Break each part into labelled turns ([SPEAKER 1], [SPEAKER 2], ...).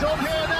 [SPEAKER 1] Job here now.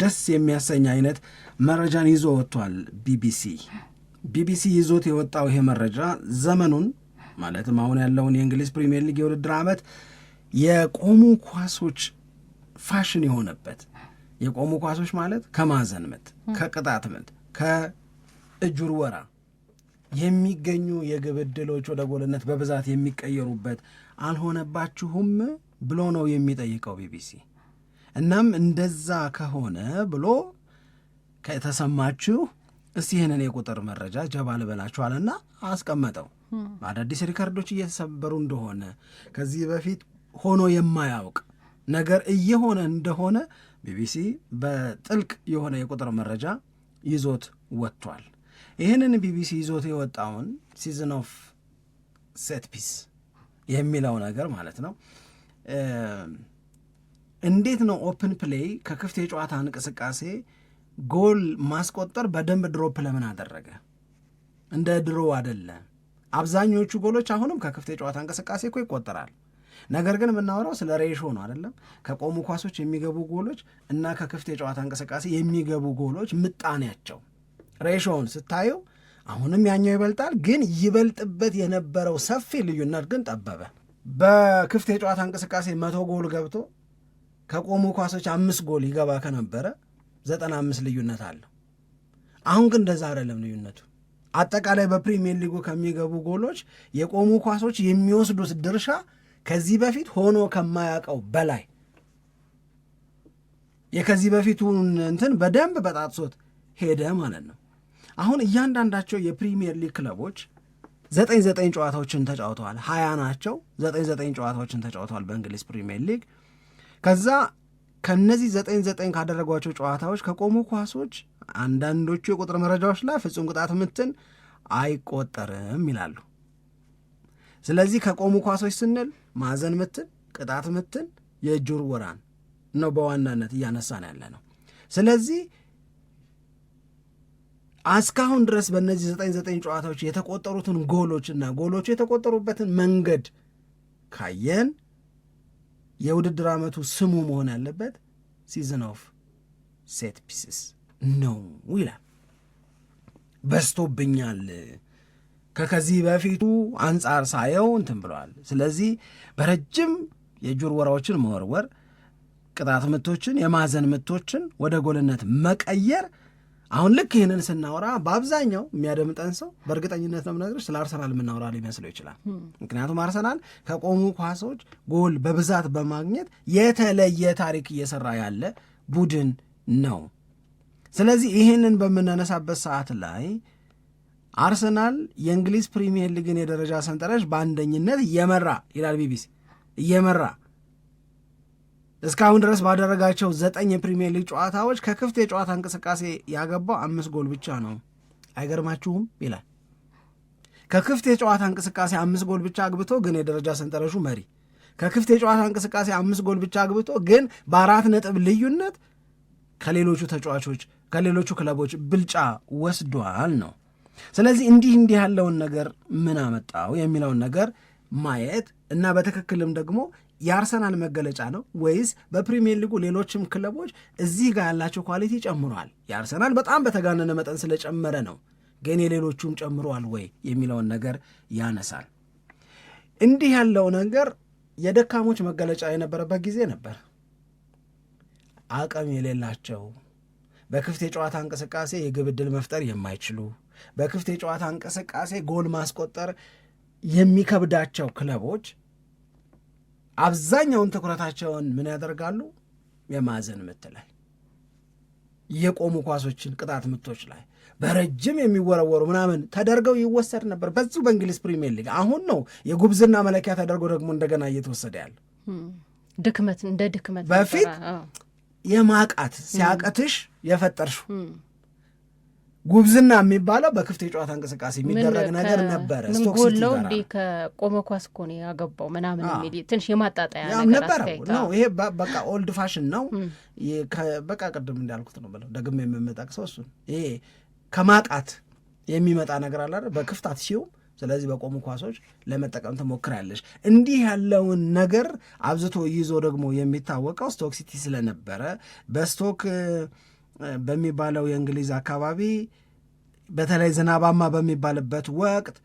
[SPEAKER 1] ደስ የሚያሰኝ አይነት መረጃን ይዞ ወጥቷል። ቢቢሲ ቢቢሲ ይዞት የወጣው ይሄ መረጃ ዘመኑን ማለትም አሁን ያለውን የእንግሊዝ ፕሪምየር ሊግ የውድድር ዓመት የቆሙ ኳሶች ፋሽን የሆነበት የቆሙ ኳሶች ማለት ከማዕዘን ምት፣ ከቅጣት ምት፣ ከእጅ ውርወራ የሚገኙ የግብ ዕድሎች ወደ ጎልነት በብዛት የሚቀየሩበት አልሆነባችሁም ብሎ ነው የሚጠይቀው ቢቢሲ። እናም እንደዛ ከሆነ ብሎ ከተሰማችሁ እስቲ ይህንን የቁጥር መረጃ ጀባ ልበላችኋልና አስቀመጠው። አዳዲስ ሪከርዶች እየተሰበሩ እንደሆነ ከዚህ በፊት ሆኖ የማያውቅ ነገር እየሆነ እንደሆነ ቢቢሲ በጥልቅ የሆነ የቁጥር መረጃ ይዞት ወጥቷል። ይህንን ቢቢሲ ይዞት የወጣውን ሲዝን ኦፍ ሴትፒስ የሚለው ነገር ማለት ነው እንዴት ነው ኦፕን ፕሌይ ከክፍት የጨዋታ እንቅስቃሴ ጎል ማስቆጠር በደንብ ድሮፕ ለምን አደረገ? እንደ ድሮ አደለ። አብዛኞቹ ጎሎች አሁንም ከክፍት የጨዋታ እንቅስቃሴ እኮ ይቆጠራል። ነገር ግን የምናወራው ስለ ሬሾ ነው አደለም? ከቆሙ ኳሶች የሚገቡ ጎሎች እና ከክፍት የጨዋታ እንቅስቃሴ የሚገቡ ጎሎች ምጣኔያቸው ሬሾውን ስታየው አሁንም ያኛው ይበልጣል። ግን ይበልጥበት የነበረው ሰፊ ልዩነት ግን ጠበበ። በክፍት የጨዋታ እንቅስቃሴ መቶ ጎል ገብቶ ከቆሙ ኳሶች አምስት ጎል ይገባ ከነበረ ዘጠና አምስት ልዩነት አለው። አሁን ግን እንደዛ አይደለም ልዩነቱ። አጠቃላይ በፕሪሚየር ሊጉ ከሚገቡ ጎሎች የቆሙ ኳሶች የሚወስዱት ድርሻ ከዚህ በፊት ሆኖ ከማያውቀው በላይ የከዚህ በፊቱን እንትን በደንብ በጣጥሶት ሄደ ማለት ነው። አሁን እያንዳንዳቸው የፕሪሚየር ሊግ ክለቦች ዘጠኝ ዘጠኝ ጨዋታዎችን ተጫውተዋል። ሀያ ናቸው። ዘጠኝ ዘጠኝ ጨዋታዎችን ተጫውተዋል በእንግሊዝ ፕሪሚየር ሊግ ከዛ ከነዚህ ዘጠኝ ዘጠኝ ካደረጓቸው ጨዋታዎች ከቆሙ ኳሶች አንዳንዶቹ የቁጥር መረጃዎች ላይ ፍጹም ቅጣት ምትን አይቆጠርም ይላሉ። ስለዚህ ከቆሙ ኳሶች ስንል ማዕዘን ምትን፣ ቅጣት ምትን፣ የእጅ ውርወራን ነው በዋናነት እያነሳን ያለ ነው። ስለዚህ እስካሁን ድረስ በእነዚህ ዘጠኝ ዘጠኝ ጨዋታዎች የተቆጠሩትን ጎሎችና ጎሎቹ የተቆጠሩበትን መንገድ ካየን የውድድር ዓመቱ ስሙ መሆን ያለበት ሲዝን ኦፍ ሴት ፒስስ ነው ይላል። በዝቶብኛል ከከዚህ በፊቱ አንጻር ሳየው እንትን ብለዋል። ስለዚህ በረጅም የእጅ ውርወራዎችን መወርወር፣ ቅጣት ምቶችን፣ የማዘን ምቶችን ወደ ጎልነት መቀየር አሁን ልክ ይህንን ስናወራ በአብዛኛው የሚያደምጠን ሰው በእርግጠኝነት ነው የምነግርሽ ስለ አርሰናል የምናወራ ሊመስለው ይችላል። ምክንያቱም አርሰናል ከቆሙ ኳሶች ጎል በብዛት በማግኘት የተለየ ታሪክ እየሰራ ያለ ቡድን ነው። ስለዚህ ይህንን በምናነሳበት ሰዓት ላይ አርሰናል የእንግሊዝ ፕሪሚየር ሊግን የደረጃ ሰንጠረዥ በአንደኝነት እየመራ ይላል ቢቢሲ እየመራ እስካሁን ድረስ ባደረጋቸው ዘጠኝ የፕሪሚየር ሊግ ጨዋታዎች ከክፍት የጨዋታ እንቅስቃሴ ያገባው አምስት ጎል ብቻ ነው። አይገርማችሁም? ይላል ከክፍት የጨዋታ እንቅስቃሴ አምስት ጎል ብቻ አግብቶ ግን የደረጃ ሰንጠረሹ መሪ፣ ከክፍት የጨዋታ እንቅስቃሴ አምስት ጎል ብቻ አግብቶ ግን በአራት ነጥብ ልዩነት ከሌሎቹ ተጫዋቾች ከሌሎቹ ክለቦች ብልጫ ወስዷል ነው። ስለዚህ እንዲህ እንዲህ ያለውን ነገር ምን አመጣው የሚለውን ነገር ማየት እና በትክክልም ደግሞ የአርሰናል መገለጫ ነው ወይስ በፕሪሚየር ሊጉ ሌሎችም ክለቦች እዚህ ጋር ያላቸው ኳሊቲ ጨምሯል? የአርሰናል በጣም በተጋነነ መጠን ስለጨመረ ነው፣ ግን የሌሎቹም ጨምሯል ወይ የሚለውን ነገር ያነሳል። እንዲህ ያለው ነገር የደካሞች መገለጫ የነበረበት ጊዜ ነበር። አቅም የሌላቸው በክፍት የጨዋታ እንቅስቃሴ የግብ ዕድል መፍጠር የማይችሉ በክፍት የጨዋታ እንቅስቃሴ ጎል ማስቆጠር የሚከብዳቸው ክለቦች አብዛኛውን ትኩረታቸውን ምን ያደርጋሉ? የማዕዘን ምት ላይ፣ የቆሙ ኳሶችን፣ ቅጣት ምቶች ላይ በረጅም የሚወረወሩ ምናምን ተደርገው ይወሰድ ነበር በዙ በእንግሊዝ ፕሪሚየር ሊግ። አሁን ነው የጉብዝና መለኪያ ተደርጎ ደግሞ እንደገና እየተወሰደ ያለ
[SPEAKER 2] ድክመት እንደ ድክመት
[SPEAKER 1] በፊት የማቃት ሲያቀትሽ የፈጠርሽው ጉብዝና የሚባለው በክፍት የጨዋታ እንቅስቃሴ የሚደረግ ነገር ነበረ። ጎለው
[SPEAKER 2] እንዴ ከቆመ ኳስ እኮ ነው ያገባው ምናምን የሚል ትንሽ የማጣጣያ
[SPEAKER 1] ነበረ ነው። ይሄ በቃ ኦልድ ፋሽን ነው። በቃ ቅድም እንዳልኩት ነው ብለው ደግሞ የምመጣቅሰው እሱን ይሄ ከማቃት የሚመጣ ነገር አለ በክፍታት ሲሁም ስለዚህ በቆሙ ኳሶች ለመጠቀም ትሞክራለች። እንዲህ ያለውን ነገር አብዝቶ ይዞ ደግሞ የሚታወቀው ስቶክ ሲቲ ስለነበረ በስቶክ በሚባለው የእንግሊዝ አካባቢ በተለይ ዝናባማ በሚባልበት ወቅት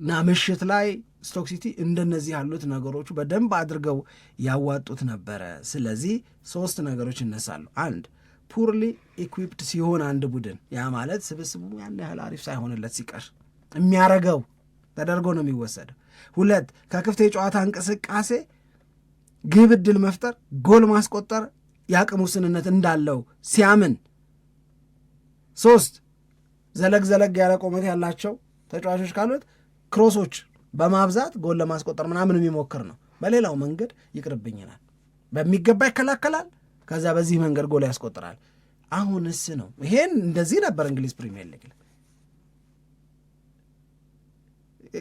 [SPEAKER 1] እና ምሽት ላይ ስቶክ ሲቲ እንደነዚህ ያሉት ነገሮቹ በደንብ አድርገው ያዋጡት ነበረ። ስለዚህ ሶስት ነገሮች ይነሳሉ። አንድ ፑርሊ ኢኩዊፕድ ሲሆን አንድ ቡድን ያ ማለት ስብስቡ ያን ያህል አሪፍ ሳይሆንለት ሲቀር የሚያረገው ተደርጎ ነው የሚወሰደው። ሁለት ከክፍት የጨዋታ እንቅስቃሴ ግብ ዕድል መፍጠር፣ ጎል ማስቆጠር የአቅም ውስንነት እንዳለው ሲያምን፣ ሶስት ዘለግ ዘለግ ያለ ቆመት ያላቸው ተጫዋቾች ካሉት ክሮሶች በማብዛት ጎል ለማስቆጠር ምናምን የሚሞክር ነው። በሌላው መንገድ ይቅርብኝናል፣ በሚገባ ይከላከላል። ከዛ በዚህ መንገድ ጎል ያስቆጥራል። አሁንስ ነው ይሄን እንደዚህ ነበር እንግሊዝ ፕሪሚየር ሊግ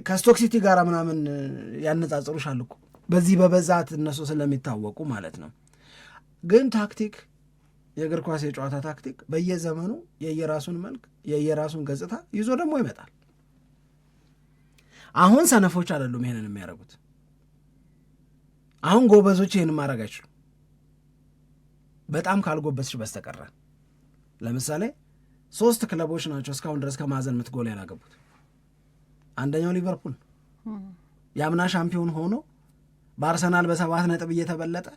[SPEAKER 1] ከስቶክ ሲቲ ጋር ምናምን ያነጻጽሩሻል እኮ በዚህ በበዛት እነሱ ስለሚታወቁ ማለት ነው። ግን ታክቲክ የእግር ኳስ የጨዋታ ታክቲክ በየዘመኑ የየራሱን መልክ የየራሱን ገጽታ ይዞ ደግሞ ይመጣል። አሁን ሰነፎች አይደሉም ይሄንን የሚያደርጉት። አሁን ጎበዞች ይህን ማድረግ አይችሉ በጣም ካልጎበዝሽ በስተቀረ። ለምሳሌ ሶስት ክለቦች ናቸው እስካሁን ድረስ ከማዕዘን ምት ጎል ያላገቡት። አንደኛው ሊቨርፑል የአምና ሻምፒዮን ሆኖ በአርሰናል በሰባት ነጥብ እየተበለጠ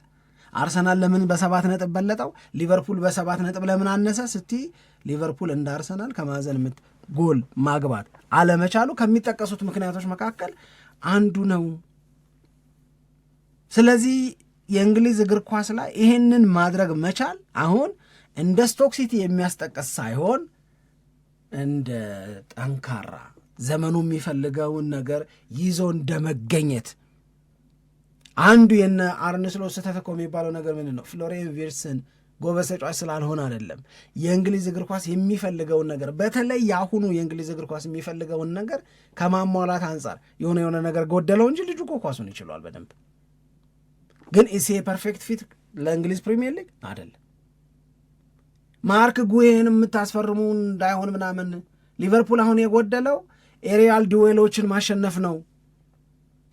[SPEAKER 1] አርሰናል ለምን በሰባት ነጥብ በለጠው፣ ሊቨርፑል በሰባት ነጥብ ለምን አነሰ ስቲ ሊቨርፑል እንደ አርሰናል ከማዕዘን ምት ጎል ማግባት አለመቻሉ ከሚጠቀሱት ምክንያቶች መካከል አንዱ ነው። ስለዚህ የእንግሊዝ እግር ኳስ ላይ ይሄንን ማድረግ መቻል አሁን እንደ ስቶክ ሲቲ የሚያስጠቀስ ሳይሆን እንደ ጠንካራ ዘመኑ የሚፈልገውን ነገር ይዞ እንደመገኘት አንዱ የነ አርነ ስሎት ስህተት እኮ የሚባለው ነገር ምንድን ነው? ፍሎሪያን ቪርትስን ጎበዝ ተጫዋች ስላልሆነ አይደለም። የእንግሊዝ እግር ኳስ የሚፈልገውን ነገር በተለይ የአሁኑ የእንግሊዝ እግር ኳስ የሚፈልገውን ነገር ከማሟላት አንጻር የሆነ የሆነ ነገር ጎደለው እንጂ ልጁ እኮ ኳሱን ይችሏል በደንብ። ግን ኢሴ ፐርፌክት ፊት ለእንግሊዝ ፕሪሚየር ሊግ አይደለም። ማርክ ጉሄን የምታስፈርሙ እንዳይሆን ምናምን ሊቨርፑል አሁን የጎደለው ኤሪያል ዲዌሎችን ማሸነፍ ነው።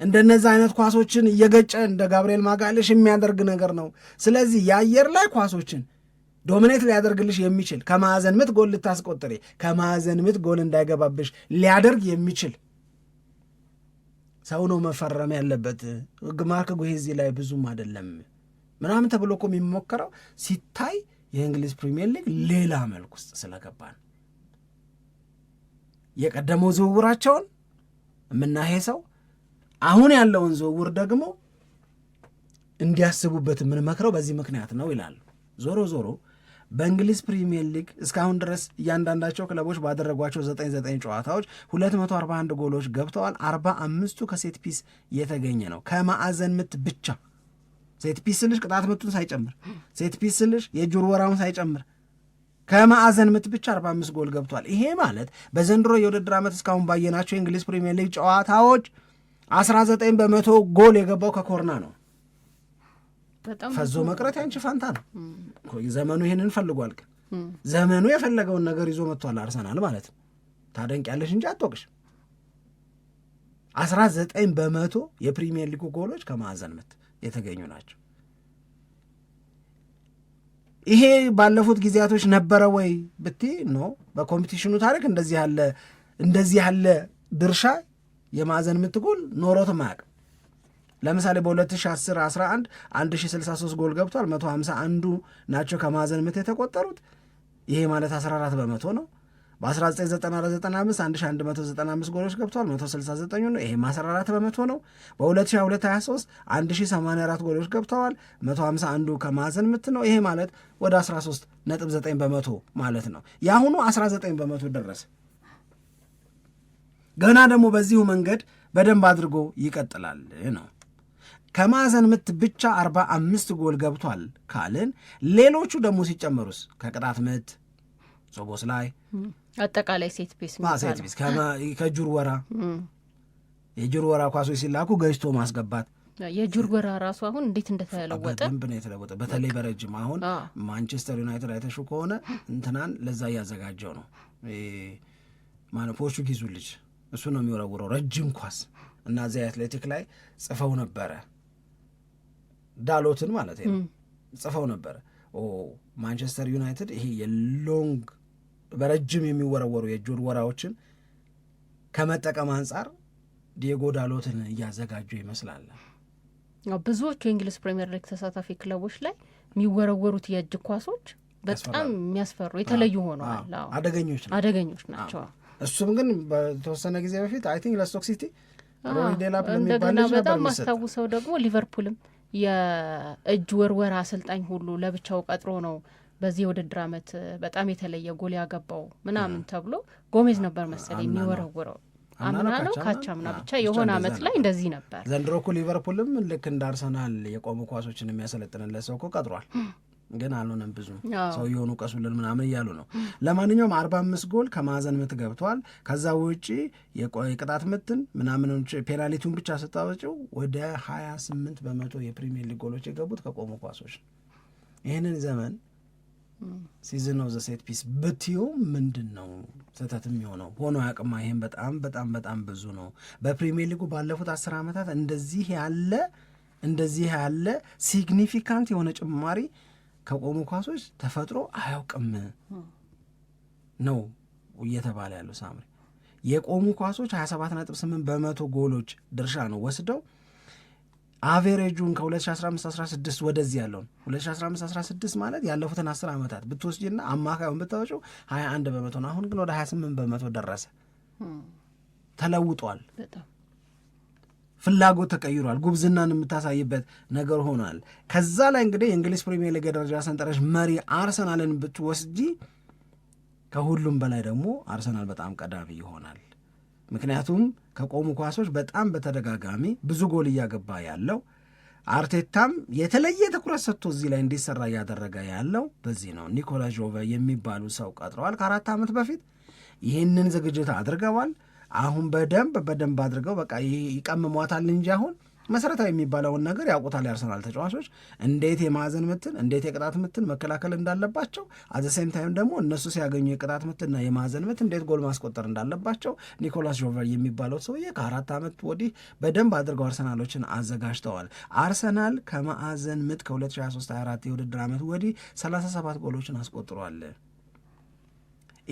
[SPEAKER 1] እንደነዚህ አይነት ኳሶችን እየገጨ እንደ ጋብርኤል ማጋለሽ የሚያደርግ ነገር ነው። ስለዚህ የአየር ላይ ኳሶችን ዶሚኔት ሊያደርግልሽ የሚችል ከማዕዘን ምት ጎል ልታስቆጥሪ ከማዕዘን ምት ጎል እንዳይገባብሽ ሊያደርግ የሚችል ሰው ነው መፈረም ያለበት። ግማርክ ጉሄዚ ላይ ብዙም አይደለም ምናምን ተብሎ እኮ የሚሞከረው ሲታይ የእንግሊዝ ፕሪሚየር ሊግ ሌላ መልክ ውስጥ ስለገባ ነው። የቀደመው ዝውውራቸውን የምናሄ ሰው አሁን ያለውን ዝውውር ደግሞ እንዲያስቡበት የምንመክረው በዚህ ምክንያት ነው ይላሉ። ዞሮ ዞሮ በእንግሊዝ ፕሪሚየር ሊግ እስካሁን ድረስ እያንዳንዳቸው ክለቦች ባደረጓቸው 99 ጨዋታዎች 241 ጎሎች ገብተዋል። 45ቱ ከሴት ፒስ የተገኘ ነው። ከማዕዘን ምት ብቻ ሴት ፒስ ስልሽ ቅጣት ምቱን ሳይጨምር፣ ሴት ፒስ ስልሽ የእጅ ውርወራውን ሳይጨምር ከማዕዘን ምት ብቻ 45 ጎል ገብቷል። ይሄ ማለት በዘንድሮ የውድድር ዓመት እስካሁን ባየናቸው የእንግሊዝ ፕሪሚየር ሊግ ጨዋታዎች 19 በመቶ ጎል የገባው ከኮርና ነው። ፈዞ መቅረት ያንቺ ፈንታ ነው። ዘመኑ ይህንን ፈልጓል። ግን ዘመኑ የፈለገውን ነገር ይዞ መጥቷል። አርሰናል ማለት ነው። ታደንቂያለሽ እንጂ አትወቅሽ። 19 በመቶ የፕሪሚየር ሊጉ ጎሎች ከማዕዘን ምት የተገኙ ናቸው። ይሄ ባለፉት ጊዜያቶች ነበረ ወይ ብቲ ኖ በኮምፒቲሽኑ ታሪክ እንደዚህ ያለ እንደዚህ ያለ ድርሻ የማዕዘን ምት ጎል ኖሮት ማያውቅም። ለምሳሌ በ2010 11 1063 ጎል ገብቷል። 151ዱ ናቸው ከማዕዘን ምት የተቆጠሩት። ይሄ ማለት 14 በመቶ ነው። በ1994/95 1195 ጎሎች ገብቷል። 169 ነው። ይሄም 14 በመቶ ነው። በ2022/23 1084 ጎሎች ገብተዋል። 151ዱ ከማዕዘን ምት ነው። ይሄ ማለት ወደ 13.9 በመቶ ማለት ነው። የአሁኑ 19 በመቶ ደረሰ። ገና ደግሞ በዚሁ መንገድ በደንብ አድርጎ ይቀጥላል ነው። ከማዕዘን ምት ብቻ 45 ጎል ገብቷል ካልን ሌሎቹ ደግሞ ሲጨመሩስ ከቅጣት ምት ሶቦስ ላይ
[SPEAKER 2] አጠቃላይ ሴት ፒስ
[SPEAKER 1] ሴት ፒስ ከጁር ወራ የጁር ወራ ኳሶች ሲላኩ ገጭቶ ማስገባት
[SPEAKER 2] የጁር ወራ ራሱ አሁን እንዴት እንደተለወጠ
[SPEAKER 1] በደንብ ነው የተለወጠ። በተለይ በረጅም አሁን ማንቸስተር ዩናይትድ አይተሹ ከሆነ እንትናን ለዛ እያዘጋጀው ነው ማነው ፖርቹጊዙ ልጅ እሱ ነው የሚወረውረው ረጅም ኳስ እና እዚያ አትሌቲክ ላይ ጽፈው ነበረ ዳሎትን ማለት ነው ጽፈው ነበረ ማንቸስተር ዩናይትድ ይሄ የሎንግ በረጅም የሚወረወሩ የእጅ ውርወራዎችን ከመጠቀም አንጻር ዲዮጎ ዳሎትን እያዘጋጁ ይመስላል።
[SPEAKER 2] ብዙዎቹ የእንግሊዝ ፕሪምየር ሊግ ተሳታፊ ክለቦች ላይ የሚወረወሩት የእጅ ኳሶች በጣም የሚያስፈሩ የተለዩ
[SPEAKER 1] ሆነዋል። አደገኞች ናቸው። እሱም ግን በተወሰነ ጊዜ በፊት አይ ቲንክ ለስቶክ ሲቲ
[SPEAKER 2] ሮይ በጣም ማስታውሰው ደግሞ ሊቨርፑልም የእጅ ወርወር አሰልጣኝ ሁሉ ለብቻው ቀጥሮ ነው በዚህ የውድድር አመት በጣም የተለየ ጎል ያገባው ምናምን ተብሎ ጎሜዝ ነበር መሰለኝ የሚወረውረው። አምና ነው ካቻምና ብቻ የሆነ አመት ላይ እንደዚህ ነበር። ዘንድሮ
[SPEAKER 1] እኮ ሊቨርፑልም ልክ እንደ አርሰናል የቆሙ ኳሶችን የሚያሰለጥንለት ሰው እኮ ቀጥሯል። ግን አልሆነም። ብዙ ሰው የሆኑ ቀሱልን ምናምን እያሉ ነው። ለማንኛውም አርባ አምስት ጎል ከማዕዘን ምት ገብቷል። ከዛ ውጪ የቅጣት ምትን ምናምን ፔናሊቲውን ብቻ ስታወጪው ወደ ሀያ ስምንት በመቶ የፕሪሚየር ሊግ ጎሎች የገቡት ከቆሙ ኳሶች ነው። ይህንን ዘመን ሲዝን ኦፍ ዘ ሴት ፒስ ብትዩ ምንድን ነው ስህተት የሚሆነው ሆኖ ያቅማ ይህን በጣም በጣም በጣም ብዙ ነው። በፕሪሚየር ሊጉ ባለፉት አስር ዓመታት እንደዚህ ያለ እንደዚህ ያለ ሲግኒፊካንት የሆነ ጭማሪ ከቆሙ ኳሶች ተፈጥሮ አያውቅም ነው እየተባለ ያለው ሳምሪ። የቆሙ ኳሶች 27.8 በመቶ ጎሎች ድርሻ ነው ወስደው አቬሬጁን ከ2015/16 ወደዚህ ያለውን 2015/16 ማለት ያለፉትን 10 ዓመታት ብትወስጂና አማካዩን ብታወጪው 21 በመቶ ነው። አሁን ግን ወደ 28 በመቶ ደረሰ፣ ተለውጧል። ፍላጎት ተቀይሯል። ጉብዝናን የምታሳይበት ነገር ሆኗል። ከዛ ላይ እንግዲህ የእንግሊዝ ፕሪሚየር ሊግ ደረጃ ሰንጠረዥ መሪ አርሰናልን ብትወስጂ ከሁሉም በላይ ደግሞ አርሰናል በጣም ቀዳሚ ይሆናል። ምክንያቱም ከቆሙ ኳሶች በጣም በተደጋጋሚ ብዙ ጎል እያገባ ያለው አርቴታም የተለየ ትኩረት ሰጥቶ እዚህ ላይ እንዲሰራ እያደረገ ያለው በዚህ ነው። ኒኮላ ጆቨ የሚባሉ ሰው ቀጥረዋል። ከአራት ዓመት በፊት ይህንን ዝግጅት አድርገዋል። አሁን በደንብ በደንብ አድርገው በቃ ይቀምሟታል እንጂ አሁን መሰረታዊ የሚባለውን ነገር ያውቁታል። የአርሰናል ተጫዋቾች እንዴት የማዕዘን ምትን እንዴት የቅጣት ምትን መከላከል እንዳለባቸው፣ አዘሴም ታይም ደግሞ እነሱ ሲያገኙ የቅጣት ምትና የማዕዘን ምት እንዴት ጎል ማስቆጠር እንዳለባቸው ኒኮላስ ጆቨር የሚባለው ሰውዬ ከአራት ዓመት ወዲህ በደንብ አድርገው አርሰናሎችን አዘጋጅተዋል። አርሰናል ከማዕዘን ምት ከ2023/24 የውድድር ዓመት ወዲህ 37 ጎሎችን አስቆጥሯል።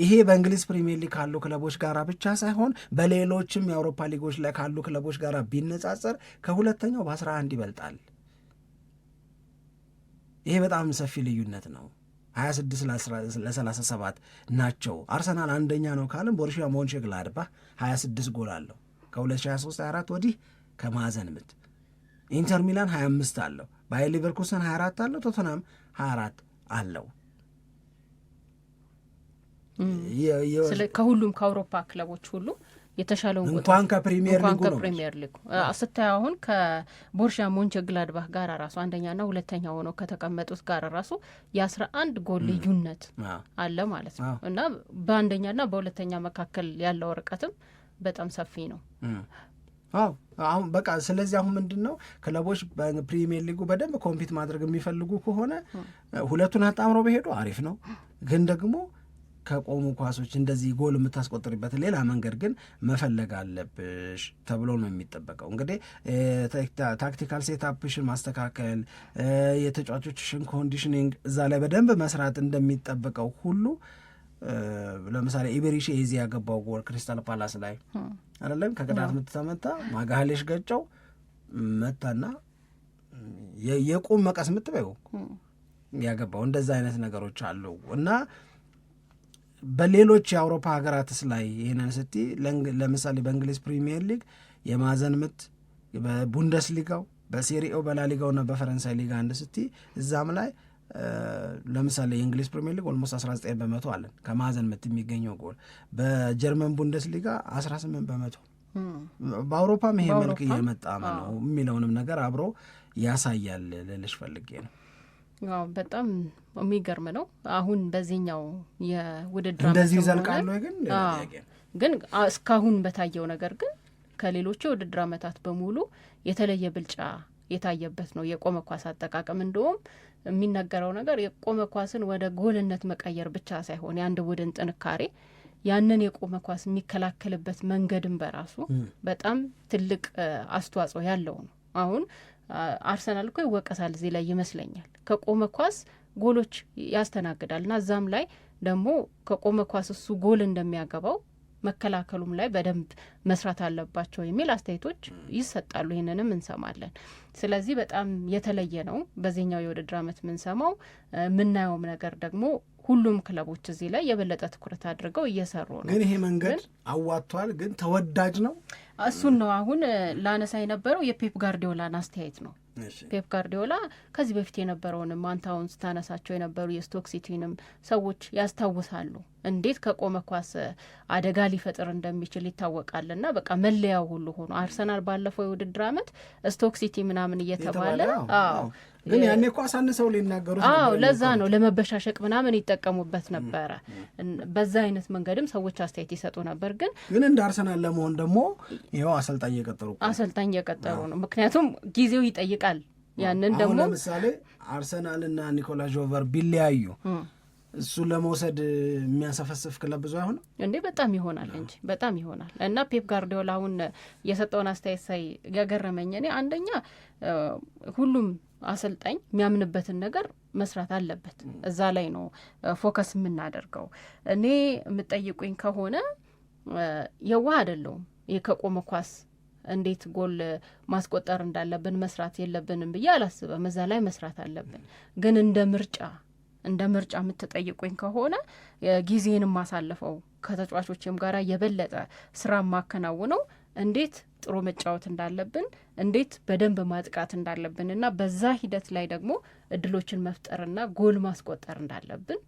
[SPEAKER 1] ይሄ በእንግሊዝ ፕሪሚየር ሊግ ካሉ ክለቦች ጋር ብቻ ሳይሆን በሌሎችም የአውሮፓ ሊጎች ላይ ካሉ ክለቦች ጋር ቢነጻጸር ከሁለተኛው በ11 ይበልጣል። ይሄ በጣም ሰፊ ልዩነት ነው። 26 ለ37 ናቸው። አርሰናል አንደኛ ነው ካለም ቦሩሲያ ሞንሸንግላድባህ 26 ጎል አለው ከ2023/24 ወዲህ ከማዕዘን ምት። ኢንተር ሚላን 25 አለው፣ ባየር ሊቨርኩሰን 24 አለው፣ ቶተናም 24 አለው።
[SPEAKER 2] ከሁሉም ከአውሮፓ ክለቦች ሁሉ የተሻለው
[SPEAKER 1] እንኳን ከፕሪሚየር ሊጉ
[SPEAKER 2] ከፕሪሚየር ሊጉ ስታዩ አሁን ከቦርሻ ሞንቸ ግላድባህ ጋር ራሱ አንደኛና ሁለተኛ ሆነው ከተቀመጡት ጋር ራሱ የአስራ አንድ ጎል ልዩነት አለ ማለት ነው እና በአንደኛና በሁለተኛ መካከል ያለው ርቀትም በጣም ሰፊ ነው።
[SPEAKER 1] አዎ አሁን በቃ ስለዚህ አሁን ምንድን ነው ክለቦች በፕሪሚየር ሊጉ በደንብ ኮምፒት ማድረግ የሚፈልጉ ከሆነ ሁለቱን አጣምረው በሄዱ አሪፍ ነው ግን ደግሞ ከቆሙ ኳሶች እንደዚህ ጎል የምታስቆጥርበት ሌላ መንገድ ግን መፈለግ አለብሽ ተብሎ ነው የሚጠበቀው። እንግዲህ ታክቲካል ሴታፕሽን ማስተካከል፣ የተጫዋቾችሽን ኮንዲሽኒንግ እዛ ላይ በደንብ መስራት እንደሚጠበቀው ሁሉ ለምሳሌ ኢቤሪሽ የዚህ ያገባው ጎል ክሪስታል ፓላስ ላይ አይደለም ከቅጣት ምት ተመታ፣ ማጋሌሽ ገጨው መታና የቁም መቀስ ምትበው ያገባው እንደዛ አይነት ነገሮች አሉ እና በሌሎች የአውሮፓ ሀገራትስ ላይ ይህንን ስቲ ለምሳሌ በእንግሊዝ ፕሪሚየር ሊግ የማዕዘን ምት በሴሪኦ በላሊጋው በላሊጋውና በፈረንሳይ ሊጋ አንድ ስቲ እዛም ላይ ለምሳሌ የእንግሊዝ ፕሪሚየር ሊግ ኦልሞስት 19 በመቶ አለን ከማዕዘን ምት የሚገኘው ጎል፣ በጀርመን ሊጋ 18 በመቶ። በአውሮፓም ይሄ መልክ እየመጣ ነው የሚለውንም ነገር አብሮ ያሳያል ልልሽ ፈልጌ ነው።
[SPEAKER 2] በጣም የሚገርም ነው። አሁን በዚህኛው የውድድር
[SPEAKER 1] እንደዚህ ይዘልቃሉ ግን
[SPEAKER 2] ግን እስካሁን በታየው ነገር ግን ከሌሎቹ የውድድር አመታት በሙሉ የተለየ ብልጫ የታየበት ነው የቆመ ኳስ አጠቃቀም። እንደውም የሚነገረው ነገር የቆመ ኳስን ወደ ጎልነት መቀየር ብቻ ሳይሆን የአንድ ቡድን ጥንካሬ ያንን የቆመ ኳስ የሚከላከልበት መንገድን በራሱ በጣም ትልቅ አስተዋጽኦ ያለው ነው። አሁን አርሰናል እኮ ይወቀሳል እዚህ ላይ ይመስለኛል። ከቆመ ኳስ ጎሎች ያስተናግዳል እና እዛም ላይ ደግሞ ከቆመ ኳስ እሱ ጎል እንደሚያገባው መከላከሉም ላይ በደንብ መስራት አለባቸው የሚል አስተያየቶች ይሰጣሉ። ይህንንም እንሰማለን። ስለዚህ በጣም የተለየ ነው በዚህኛው የውድድር ዓመት የምንሰማው የምናየውም ነገር ደግሞ ሁሉም ክለቦች እዚህ ላይ የበለጠ ትኩረት አድርገው እየሰሩ ነው።
[SPEAKER 1] ግን ይሄ መንገድ አዋጥቷል። ግን ተወዳጅ ነው
[SPEAKER 2] እሱን ነው አሁን ላነሳ የነበረው የፔፕ ጋርዲዮላን አስተያየት ነው። ፔፕ ጋርዲዮላ ከዚህ በፊት የነበረውን ማንታውን ስታነሳቸው የነበሩ የስቶክ ሲቲንም ሰዎች ያስታውሳሉ። እንዴት ከቆመ ኳስ አደጋ ሊፈጥር እንደሚችል ይታወቃል። ና በቃ መለያው ሁሉ ሆኖ አርሰናል ባለፈው የውድድር አመት ስቶክ ሲቲ ምናምን እየተባለ
[SPEAKER 1] ግን ያኔ ኳስ ሰው ሊናገሩ
[SPEAKER 2] አዎ፣ ለዛ ነው ለመበሻሸቅ ምናምን ይጠቀሙበት ነበረ። በዛ አይነት መንገድም ሰዎች አስተያየት ይሰጡ ነበር። ግን
[SPEAKER 1] ግን እንደ አርሰናል ለመሆን ደግሞ ይኸው አሰልጣኝ የቀጠሩ
[SPEAKER 2] አሰልጣኝ የቀጠሩ ነው። ምክንያቱም ጊዜው ይጠይቃል።
[SPEAKER 1] ያንን ደግሞ ለምሳሌ አርሰናልና ኒኮላ ጆቨር ቢለያዩ እሱን ለመውሰድ የሚያንሰፈስፍ ክለብ ብዙ አይሆንም
[SPEAKER 2] እንዴ? በጣም ይሆናል እንጂ በጣም ይሆናል። እና ፔፕ ጋርዲዮላ አሁን የሰጠውን አስተያየት ሳይ ያገረመኝ እኔ አንደኛ ሁሉም አሰልጣኝ የሚያምንበትን ነገር መስራት አለበት። እዛ ላይ ነው ፎከስ የምናደርገው። እኔ የምጠይቁኝ ከሆነ የዋህ አይደለውም ይህ ከቆመ ኳስ እንዴት ጎል ማስቆጠር እንዳለብን መስራት የለብንም ብዬ አላስበም። እዛ ላይ መስራት አለብን ግን እንደ ምርጫ እንደ ምርጫ የምትጠይቁኝ ከሆነ ጊዜን የማሳልፈው ከተጫዋቾችም ጋር የበለጠ ስራ ማከናውነው እንዴት ጥሩ መጫወት እንዳለብን እንዴት በደንብ ማጥቃት እንዳለብን እና በዛ ሂደት ላይ ደግሞ እድሎችን መፍጠርና ጎል ማስቆጠር እንዳለብን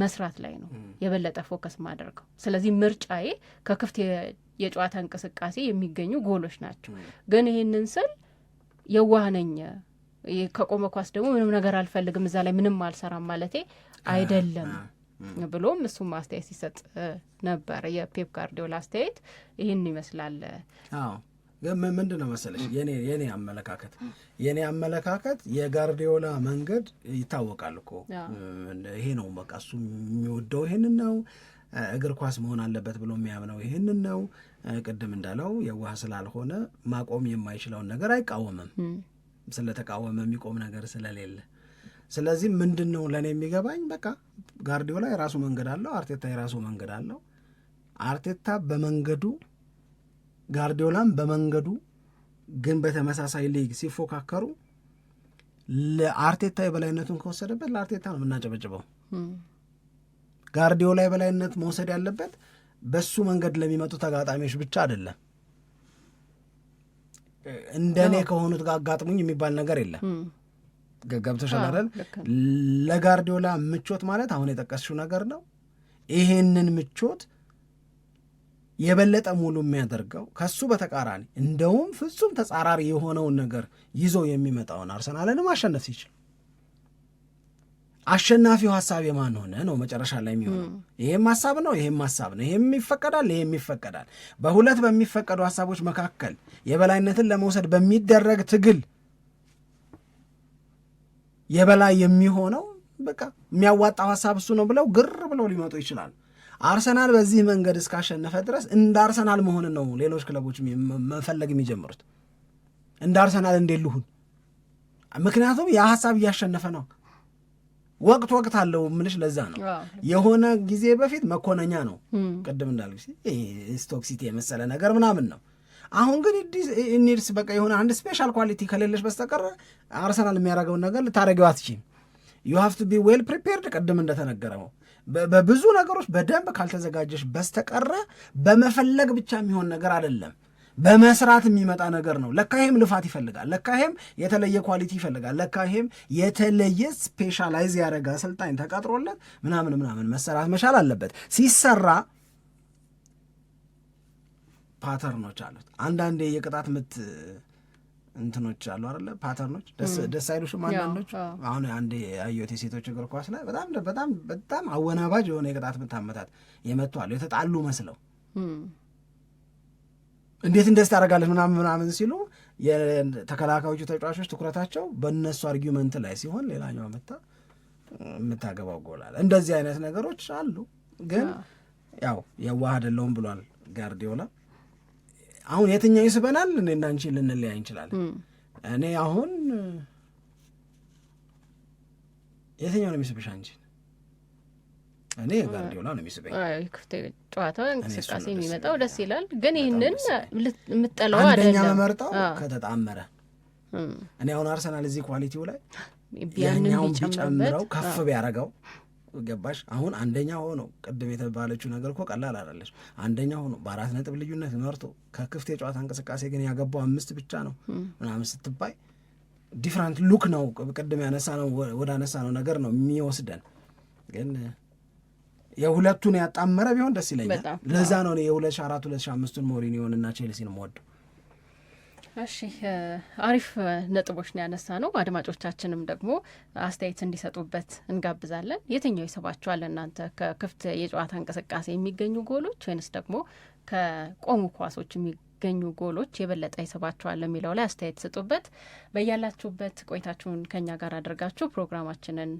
[SPEAKER 2] መስራት ላይ ነው የበለጠ ፎከስ ማደርገው። ስለዚህ ምርጫዬ ከክፍት የጨዋታ እንቅስቃሴ የሚገኙ ጎሎች ናቸው። ግን ይህንን ስል የዋህነኝ ከቆመ ኳስ ደግሞ ምንም ነገር አልፈልግም እዛ ላይ ምንም አልሰራም ማለቴ አይደለም ብሎም እሱም አስተያየት ሲሰጥ ነበር። የፔፕ ጋርዲዮላ አስተያየት ይህን ይመስላል።
[SPEAKER 1] አዎ ምንድን ነው መሰለሽ የኔ አመለካከት የኔ አመለካከት የጋርዲዮላ መንገድ ይታወቃል እኮ ይሄ ነው በቃ እሱ የሚወደው ይህንን ነው እግር ኳስ መሆን አለበት ብሎ የሚያምነው ይህንን ነው። ቅድም እንዳለው የዋህ ስላልሆነ ማቆም የማይችለውን ነገር አይቃወምም። ስለተቃወመ የሚቆም ነገር ስለሌለ ስለዚህ ምንድን ነው ለእኔ የሚገባኝ በቃ ጋርዲዮላ የራሱ መንገድ አለው፣ አርቴታ የራሱ መንገድ አለው። አርቴታ በመንገዱ ጋርዲዮላም በመንገዱ ግን በተመሳሳይ ሊግ ሲፎካከሩ ለአርቴታ የበላይነቱን ከወሰደበት ለአርቴታ ነው የምናጨበጭበው። ጋርዲዮላ የበላይነት መውሰድ ያለበት በሱ መንገድ ለሚመጡ ተጋጣሚዎች ብቻ አይደለም። እንደኔ ከሆኑት ጋር አጋጥሙኝ የሚባል ነገር የለም። ገብተሻል አይደል? ለጋርዲዮላ ምቾት ማለት አሁን የጠቀስሽው ነገር ነው። ይሄንን ምቾት የበለጠ ሙሉ የሚያደርገው ከሱ በተቃራኒ እንደውም ፍጹም ተጻራሪ የሆነውን ነገር ይዞ የሚመጣውን አርሰናልንም አሸነፍ ሲችል አሸናፊው ሀሳብ የማን ሆነ ነው መጨረሻ ላይ የሚሆነው። ይሄም ሀሳብ ነው፣ ይሄም ሀሳብ ነው፣ ይሄም ይፈቀዳል፣ ይሄም ይፈቀዳል። በሁለት በሚፈቀዱ ሀሳቦች መካከል የበላይነትን ለመውሰድ በሚደረግ ትግል የበላይ የሚሆነው በቃ የሚያዋጣው ሀሳብ እሱ ነው ብለው ግር ብለው ሊመጡ ይችላል። አርሰናል በዚህ መንገድ እስካሸነፈ ድረስ እንደ አርሰናል መሆንን ነው ሌሎች ክለቦች መፈለግ የሚጀምሩት። እንደ አርሰናል እንዴት ልሁን? ምክንያቱም ያ ሀሳብ እያሸነፈ ነው። ወቅት ወቅት አለው ምልሽ። ለዛ ነው የሆነ ጊዜ በፊት መኮነኛ ነው ቅድም እንዳል ስቶክ ሲቲ የመሰለ ነገር ምናምን ነው። አሁን ግን ኒድስ በቃ የሆነ አንድ ስፔሻል ኳሊቲ ከሌለሽ በስተቀር አርሰናል የሚያደርገውን ነገር ልታደርጊው አትችይም። ዩ ሃቭ ቱ ቢ ዌል ፕሪፔርድ ቅድም እንደተነገረው በብዙ ነገሮች በደንብ ካልተዘጋጀሽ በስተቀረ በመፈለግ ብቻ የሚሆን ነገር አይደለም። በመስራት የሚመጣ ነገር ነው። ለካሄም ልፋት ይፈልጋል። ለካሄም የተለየ ኳሊቲ ይፈልጋል። ለካሄም የተለየ ስፔሻላይዝ ያደረገ አሰልጣኝ ተቀጥሮለት ምናምን ምናምን መሰራት መቻል አለበት። ሲሰራ ፓተርኖች አሉት። አንዳንዴ የቅጣት ምት እንትኖች አሉ አለ ፓተርኖች ደስ አይሉሽም? አንዳንዶች አሁን አንድ አየሁት የሴቶች እግር ኳስ ላይ በጣም በጣም በጣም አወናባጅ የሆነ የቅጣት ምት አመታት የመቱ አሉ የተጣሉ መስለው እንዴት እንደዚህ ታደርጋለህ ምናምን ምናምን ሲሉ የተከላካዮቹ ተጫዋቾች ትኩረታቸው በእነሱ አርጊመንት ላይ ሲሆን ሌላኛው መታ የምታገባው ጎላል። እንደዚህ አይነት ነገሮች አሉ። ግን ያው የዋህ አይደለሁም ብሏል ጋርዲዮላ። አሁን የትኛው ይስበናል እኔና አንቺ ልንለያይ እንችላለን። እኔ አሁን የትኛው ነው የሚስብሽ አንቺ እኔ ጋርዲዮላ ነው የሚስበኝ።
[SPEAKER 2] ጨዋታ እንቅስቃሴ የሚመጣው ደስ ይላል፣ ግን ይህንን የምጠለው
[SPEAKER 1] አንደኛ መርጠው ከተጣመረ እኔ አሁን አርሰናል እዚህ ኳሊቲው ላይ ያኛውን ቢጨምረው ከፍ ቢያረገው ገባሽ? አሁን አንደኛ ሆኖ ቅድም የተባለችው ነገር እኮ ቀላል አላለች አንደኛ ሆኖ በአራት ነጥብ ልዩነት መርቶ ከክፍት የጨዋታ እንቅስቃሴ ግን ያገባው አምስት ብቻ ነው ምናምን ስትባይ ዲፍራንት ሉክ ነው። ቅድም ያነሳ ነው ወደ አነሳ ነው ነገር ነው የሚወስደን ግን የሁለቱን ያጣመረ ቢሆን ደስ ይለኛል። ለዛ ነው የ ሺ አራት ሁለት ሺ አምስቱን ሞሪኒዮን እና ቼልሲን የምወደው።
[SPEAKER 2] እሺ አሪፍ ነጥቦች ነው ያነሳ ነው። አድማጮቻችንም ደግሞ አስተያየት እንዲሰጡበት እንጋብዛለን። የትኛው ይስባችኋል እናንተ? ከክፍት የጨዋታ እንቅስቃሴ የሚገኙ ጎሎች ወይንስ ደግሞ ከቆሙ ኳሶች የሚገኙ ጎሎች የበለጠ ይስባቸዋል የሚለው ላይ አስተያየት ስጡበት። በያላችሁበት ቆይታችሁን ከኛ ጋር አድርጋችሁ ፕሮግራማችንን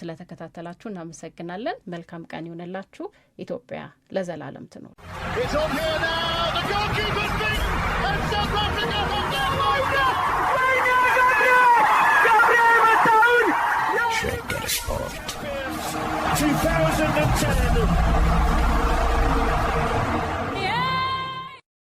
[SPEAKER 2] ስለተከታተላችሁ እናመሰግናለን። መልካም ቀን ይሁንላችሁ። ኢትዮጵያ ለዘላለም ትኑር።